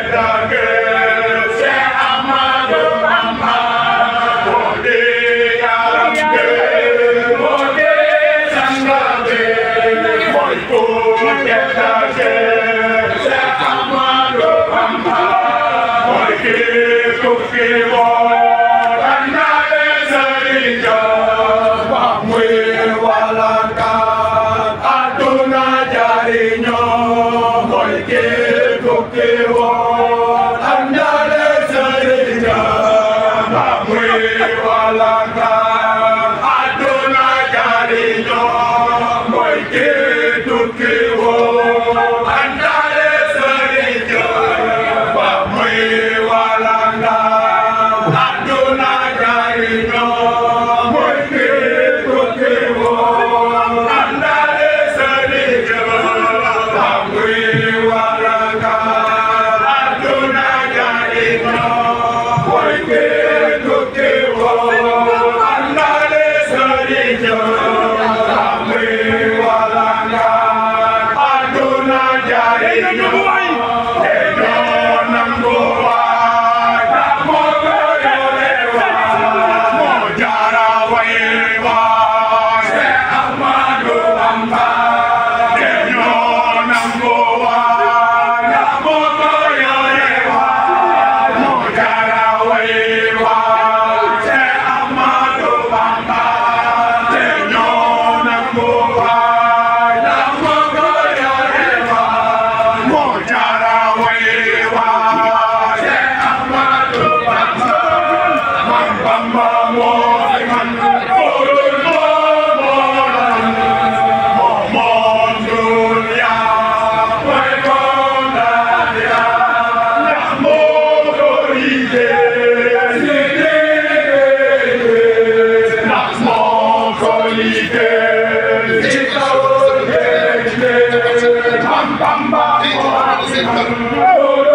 Dagger! Gracias.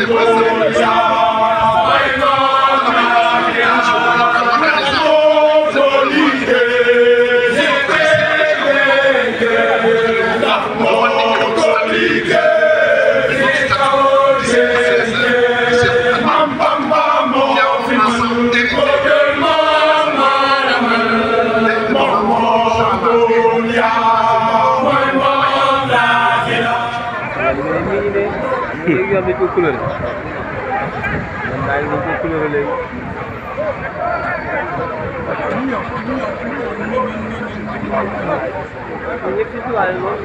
Gloria. léegi léegi am nañ ko couleur man daal nañ ko couleur léegi. ñëpp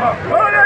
ci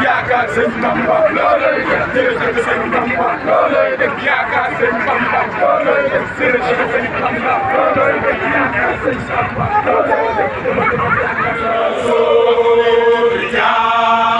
yaakaar sëñ Bamba looloy def jërëjëf sëñ Bamba looloy def yaakaar sëñ Bamba looloy def jërëjëf sëñ Bamba looloy def yaakaar sëñ Bamba looloy def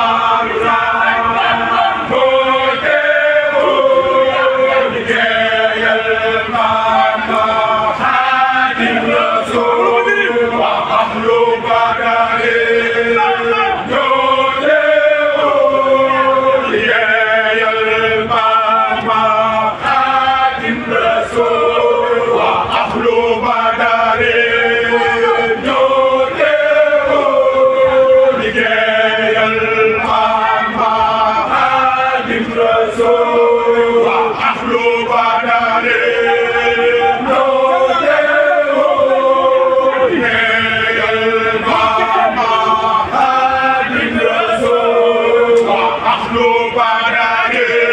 ló padà dé.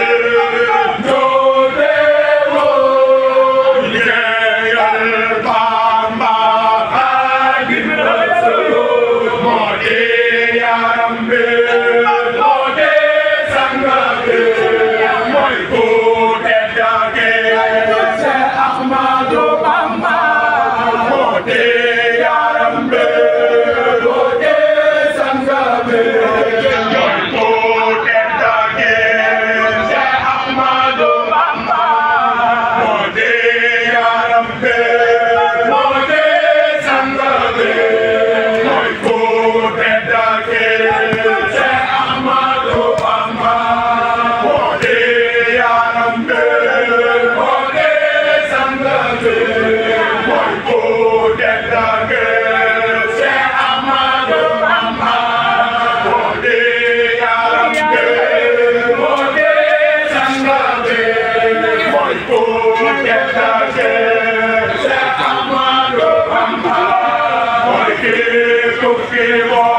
give it all.